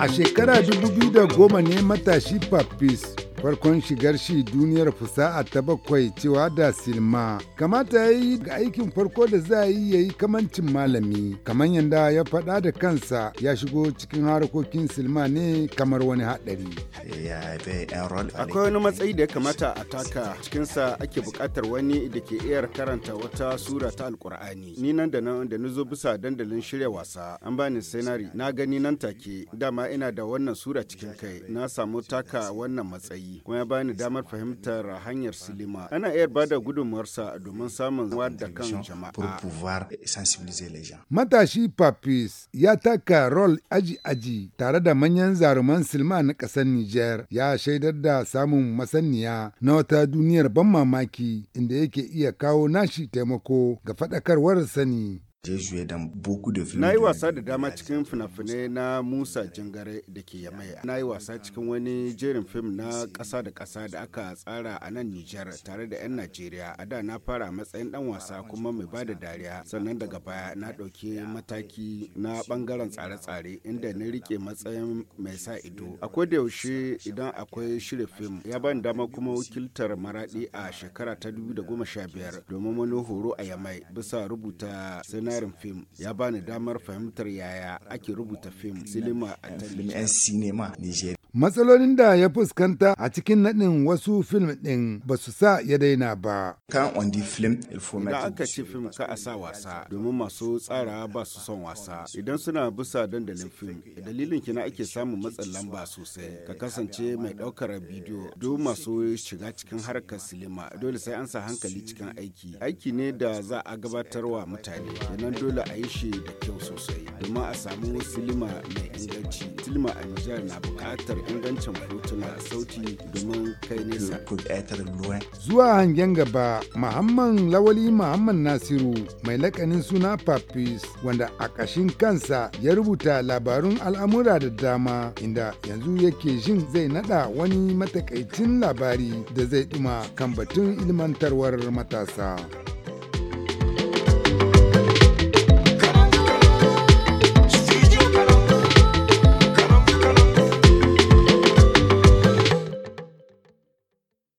A shekara 2010 ne matashi Papis farkon shigar shi duniyar fusa'a ta bakwai cewa da silma kamata ya yi ga aikin farko da za yi ya yi kamancin malami kamar yadda ya faɗa da kansa ya shigo cikin harkokin silma ne kamar wani haɗari akwai wani matsayi da ya kamata a taka cikinsa ake buƙatar wani da ke iyar karanta wata sura ta alkur'ani ni nan da nan da ni zo bisa dandalin shirya wasa an bani senari na gani nan take dama ina da wannan sura cikin kai na samu taka wannan matsayi yi kuma ya bani damar fahimtar hanyar silima ana iya da gudunmuwarsa domin samun da kan jama'a matashi papis ya taka rol aji aji tare da manyan zaruman silima na ƙasar niger ya shaidar da samun masaniya na wata duniyar ban mamaki inda yake iya kawo nashi taimako ga faɗakarwar sani Na yi wasa da dama cikin fina-finai na Musa Jangare da ke Yamaya. Na yi wasa cikin wani jerin fim na ƙasa da kasa da aka tsara a nan Nijar tare da 'yan Najeriya. A da na fara matsayin ɗan wasa kuma mai ba da dariya. Sannan daga baya na ɗauki mataki na ɓangaren tsare-tsare inda na rike matsayin mai sa ido. Akwai da yaushe idan akwai shirya fim ya ban dama kuma wakiltar maraɗi a shekara ta biyar. domin wani horo a Yamai bisa rubuta sanar sinarin fim ya bani damar fahimtar yaya ake rubuta fim silima a nigeria. matsalolin da ya fuskanta a cikin naɗin wasu fim ɗin ba su sa ya daina ba. Kan ondi film Idan fim ka a sa wasa domin masu tsara ba su son wasa idan suna bisa dandalin fim dalilin kina ake samun matsin lamba sosai ka kasance mai ɗaukar bidiyo duk masu shiga cikin harkar silima dole sai an sa hankali cikin aiki aiki ne da za a gabatar wa mutane kenan dole a yi shi da kyau sosai domin a samu silima mai inganci silima a na bukatar ingancin hotuna sauti domin kai nesa. Zuwa hangen gaba, Muhammad Lawali Muhammad Nasiru mai lakanin suna Papis wanda a ƙashin kansa ya rubuta labarun al'amura da dama inda yanzu yake jin zai nada wani matakaicin labari da zai ɗuma kan batun ilmantarwar matasa.